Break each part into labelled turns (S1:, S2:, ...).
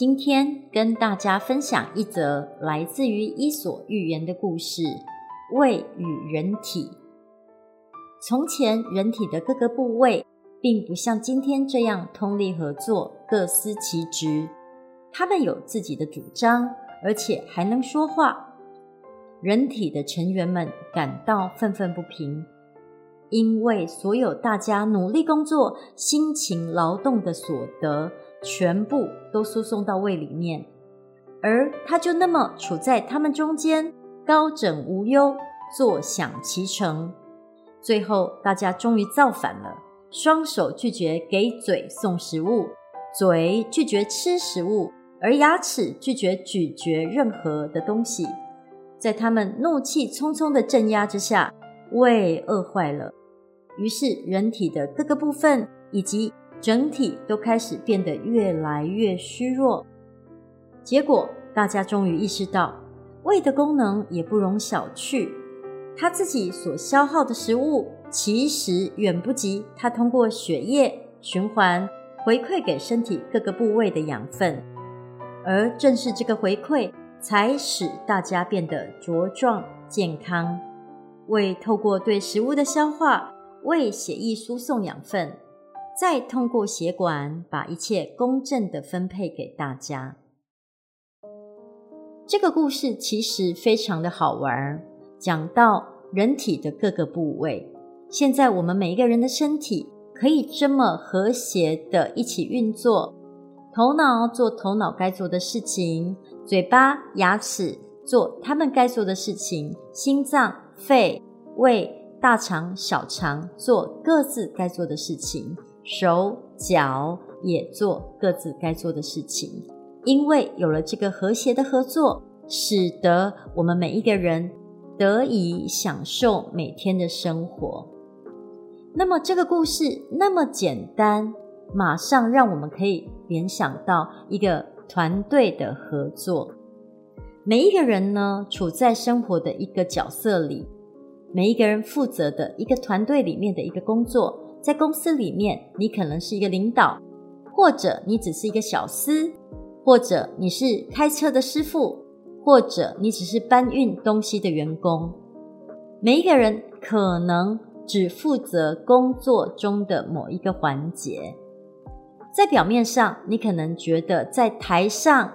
S1: 今天跟大家分享一則來自於伊索寓言的故事：胃與人體。從前，人體的各個部位並不像今天這樣通力合作、各司其職，他們有自己的主張，而且還能說話。人體的成員們感到憤憤不平，因為所有大家努力工作、辛勤勞動的所得。全部都輸送到胃裡面，而他就那麼處在他們中間，高枕無憂，坐享其成。最後，大家終於造反了，雙手拒絕給嘴送食物，嘴拒絕吃食物，而牙齒拒絕咀嚼任何的東西。在他們怒氣沖沖的鎮壓之下，胃餓壞了。於是，人體的各個部分以及。整體都開始變得越來越虛弱，結果大家終於意識到，胃的功能也不容小覷。它自己所消耗的食物，其實遠不及它通過血液循環回饋給身體各個部位的養分。而正是這個回饋，才使大家變得茁壯健康。胃透過對食物的消化，為血液輸送養分。再通過血管，把一切公正的分配給大家。這個故事其實非常的好玩，講到人體的各個部位。現在我們每一個人的身體可以這麼和諧的一起運作，頭腦做頭腦該做的事情，嘴巴、牙齒做他們該做的事情，心臟、肺、胃、大腸、小腸做各自該做的事情。手腳也做各自該做的事情，因為有了這個和諧的合作，使得我們每一個人得以享受每天的生活。那麼這個故事那麼簡單，馬上讓我們可以聯想到一個團隊的合作。每一個人呢，處在生活的一個角色裡，每一個人負責的一個團隊裡面的一個工作。在公司裡面，你可能是一個領導，或者你只是一個小司，或者你是開車的師傅，或者你只是搬運東西的員工。每一個人可能只負責工作中的某一個環節。在表面上，你可能覺得在台上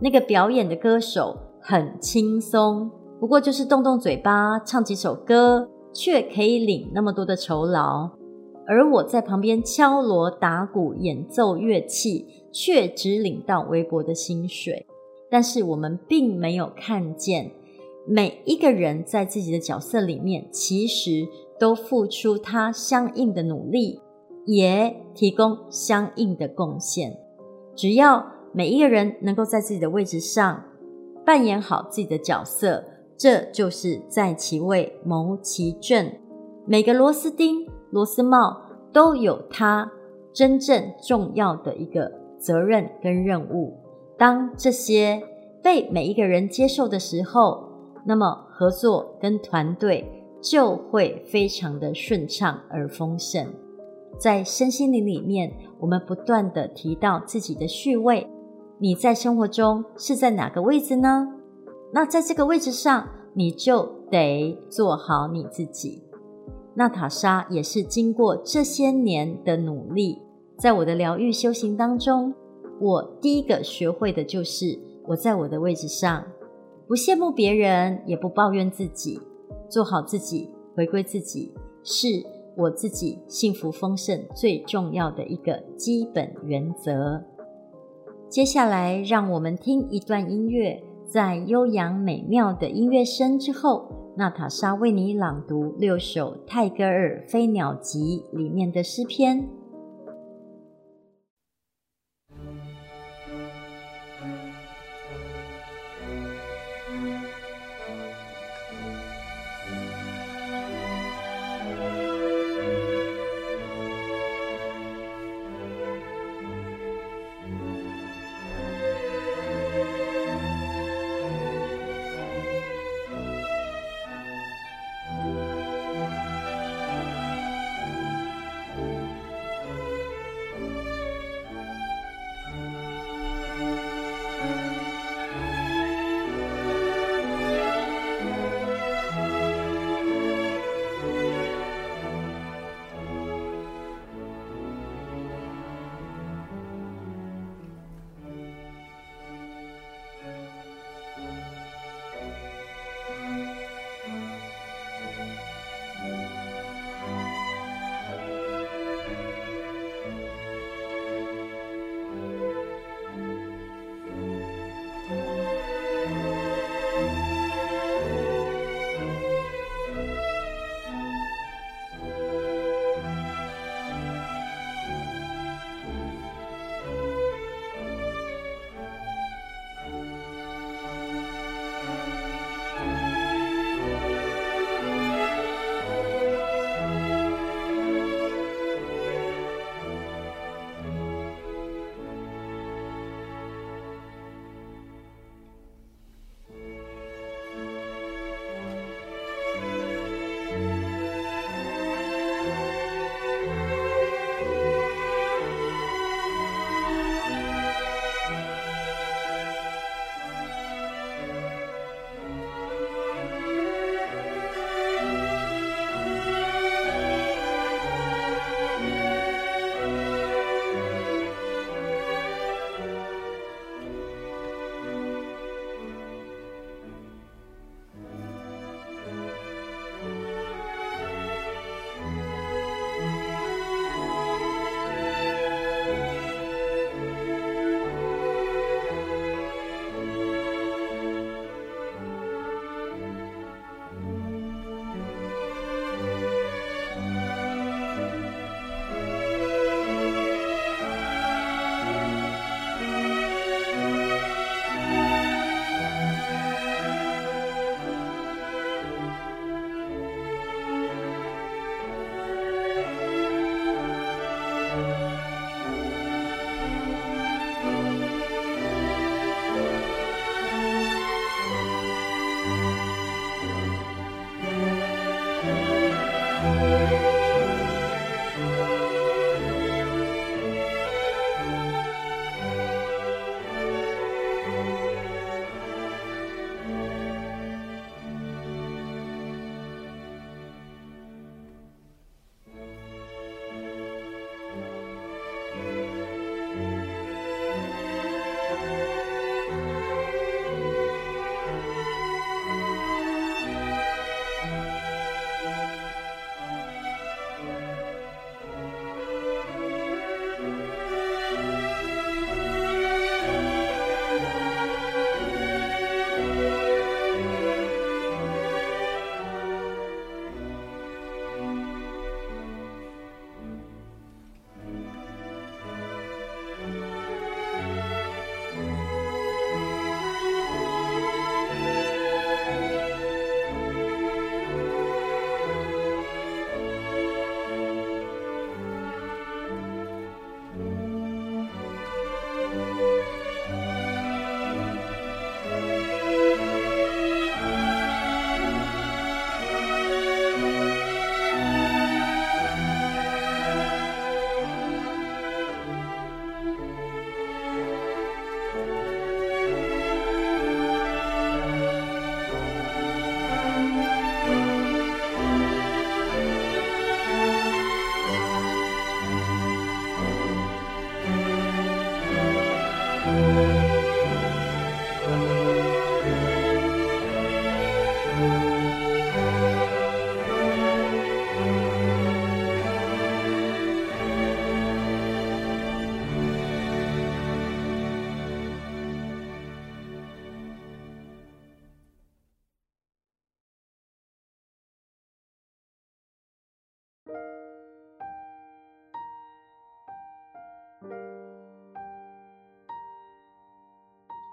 S1: 那個表演的歌手很輕鬆，不過就是動動嘴巴唱幾首歌，卻可以領那麼多的酬勞。而我在旁邊敲鑼打鼓、演奏樂器，卻只領到微薄的薪水。但是我們並沒有看見每一個人在自己的角色裡面，其實都付出他相應的努力，也提供相應的貢獻。只要每一個人能夠在自己的位置上扮演好自己的角色，這就是在其位謀其政，每個螺絲釘，螺絲帽都有它真正重要的一個責任跟任務。當這些被每一個人接受的時候，那麼合作跟團隊就會非常的順暢而豐盛。在身心靈裡面，我們不斷的提到自己的序位，你在生活中是在哪個位置呢？那在這個位置上，你就得做好你自己。娜塔莎也是經過這些年的努力，在我的療癒修行當中，我第一個學會的就是我在我的位置上，不羨慕別人，也不抱怨自己，做好自己，回歸自己，是我自己幸福豐盛最重要的一個基本原則。接下來，讓我們聽一段音樂，在悠揚美妙的音樂聲之後。娜塔莎為你朗讀六首泰戈爾《飛鳥集》裡面的詩篇。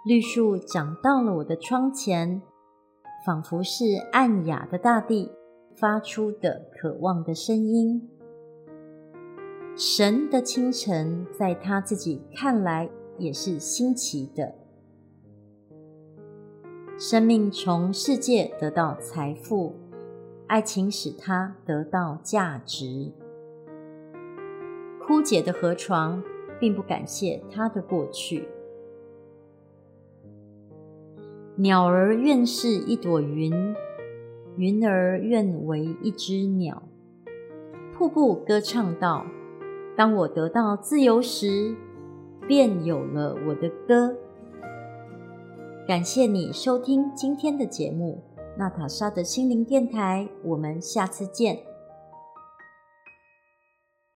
S1: 綠樹長到了我的窗前，仿佛是暗啞的大地發出的渴望的聲音。神的清晨，在他自己看來也是新奇的。生命從世界得到財富，愛情使他得到價值。枯竭的河床並不感謝他的過去。鳥兒願是一朵雲，雲兒願為一只鳥。瀑布歌唱道：“當我得到自由時，便有了我的歌。”感謝你收聽今天的節目，《娜塔莎的心靈電台》，我們下次見。